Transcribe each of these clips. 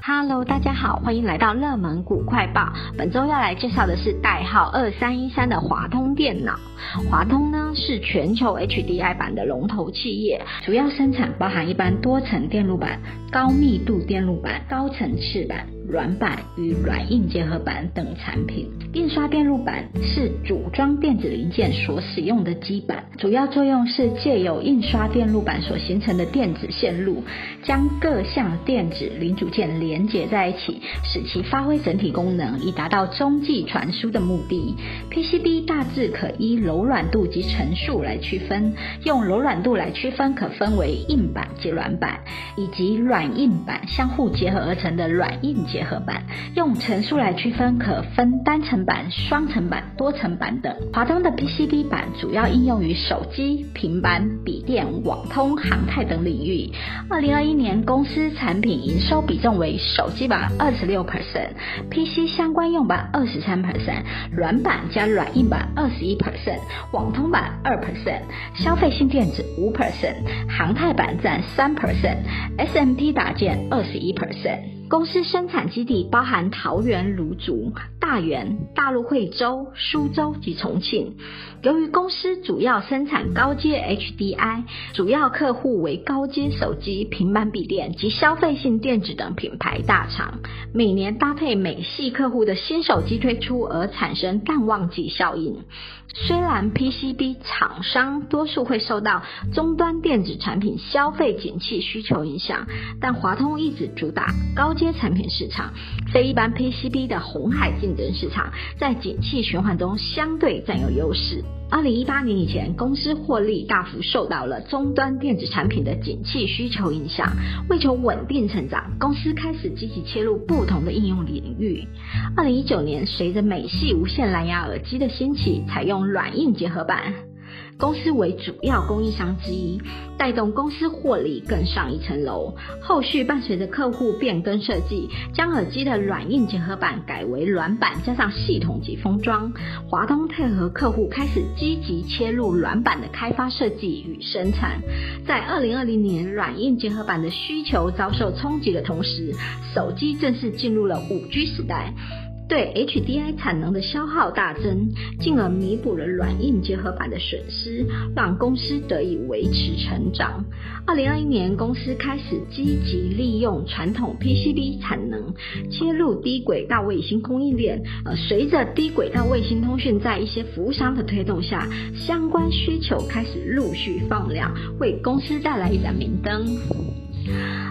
哈嘍，Hello, 大家好，歡迎來到熱門股快報。本週要來介紹的是代號2313的華通電腦。華通呢是全球 HDI 板的龍頭企業，主要生產包含一般多層電路板、高密度電路板、高層次板。軟板與軟硬結合板等產品，印刷電路板是組裝電子零件所使用的基板，主要作用是借由印刷電路板所形成的電子線路，將各項電子零組件連接在一起，使其發揮整體功能，以達到中繼傳輸的目的。PCB 大致可依柔軟度及層數來區分，用柔軟度來區分可分為硬板及軟板，以及軟硬板相互結合而成的軟硬結。結合板，用層數來區分，可分單層板、雙層板、多層板等。華通的 PCB 板主要應用於手機、平板、筆電、網通、航太等領域。二零二一年公司產品營收比重為：手機板二十六 percent，PC 相關用板二十三 percent，軟板加軟硬板二十一 percent，網通板二 percent，消費性電子五 percent，航太板佔三 percent，SMT 打件二十一 percent。公司生產基地包含桃園、蘆竹、大園、大陸惠州、蘇州及重慶。由於公司主要生產高階 HDI，主要客戶為高階手機、平板、筆電及消費性電子等品牌大廠，每年搭配美系客戶的新手機推出而產生淡旺季效應。雖然 PCB 廠商多數會受到終端電子產品消費景氣需求影響，但華通一直主打高些產品市場，非一般 PCB 的紅海競爭市場，在景氣循環中相對佔有優勢。二零一八年以前，公司獲利大幅受到了終端電子產品的景氣需求影響。為求穩定成長，公司開始積極切入不同的應用領域。二零一九年，隨着美系無線藍牙耳機的興起，採用軟硬結合板。公司為主要供應商之一，帶動公司獲利更上一層樓。後續伴隨着客戶變更設計，將耳機的軟硬結合板改為軟板加上系統級封裝，華通配合客戶開始積極切入軟板的開發設計與生產。在2020年軟硬結合板的需求遭受衝擊的同時，手機正式進入了 5G 時代。對 HDI 產能的消耗大增，進而彌補了軟硬結合板的損失，讓公司得以維持成長。二零二一年，公司開始積極利用傳統 PCB 產能切入低軌道衛星供應鏈。呃，隨着低軌道衛星通訊在一些服務商的推動下，相關需求開始陸續放量，為公司帶來一盞明燈。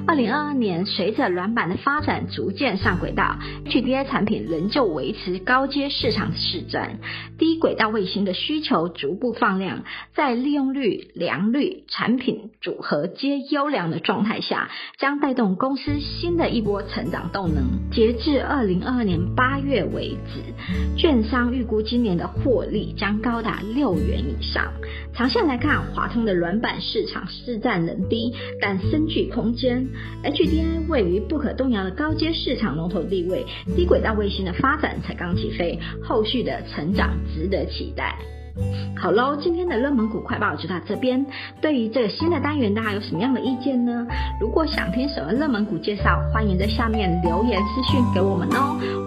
二零二二年，隨着軟板的發展逐漸上軌道，HDI 產品仍舊維持高階市場的市占，低軌道衛星的需求逐步放量，在利用率、良率、產品組合皆優良的狀態下，將帶動公司新的一波成長動能。截至二零二二年八月為止，券商預估今年的獲利將高達六元以上。長線來看，華通的軟板市場市占仍低，但深具間，HDI 位於不可動搖的高階市場龍頭地位，低軌道衛星的發展才剛起飛，後續的成長值得期待。好嘍，今天的熱門股快報就到這邊。對於這個新的單元，大家有什麼樣的意見呢？如果想聽什麼熱門股介紹，歡迎在下面留言私訊給我們哦。